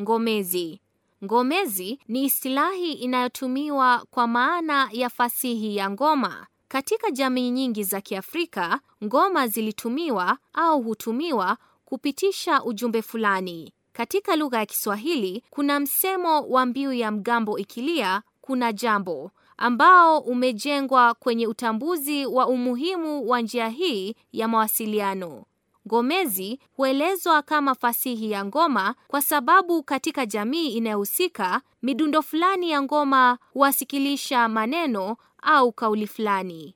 Ngomezi. Ngomezi ni istilahi inayotumiwa kwa maana ya fasihi ya ngoma. Katika jamii nyingi za Kiafrika, ngoma zilitumiwa au hutumiwa kupitisha ujumbe fulani. Katika lugha ya Kiswahili, kuna msemo wa mbiu ya mgambo ikilia, kuna jambo, ambao umejengwa kwenye utambuzi wa umuhimu wa njia hii ya mawasiliano. Ngomezi huelezwa kama fasihi ya ngoma kwa sababu katika jamii inayohusika, midundo fulani ya ngoma huwasikilisha maneno au kauli fulani.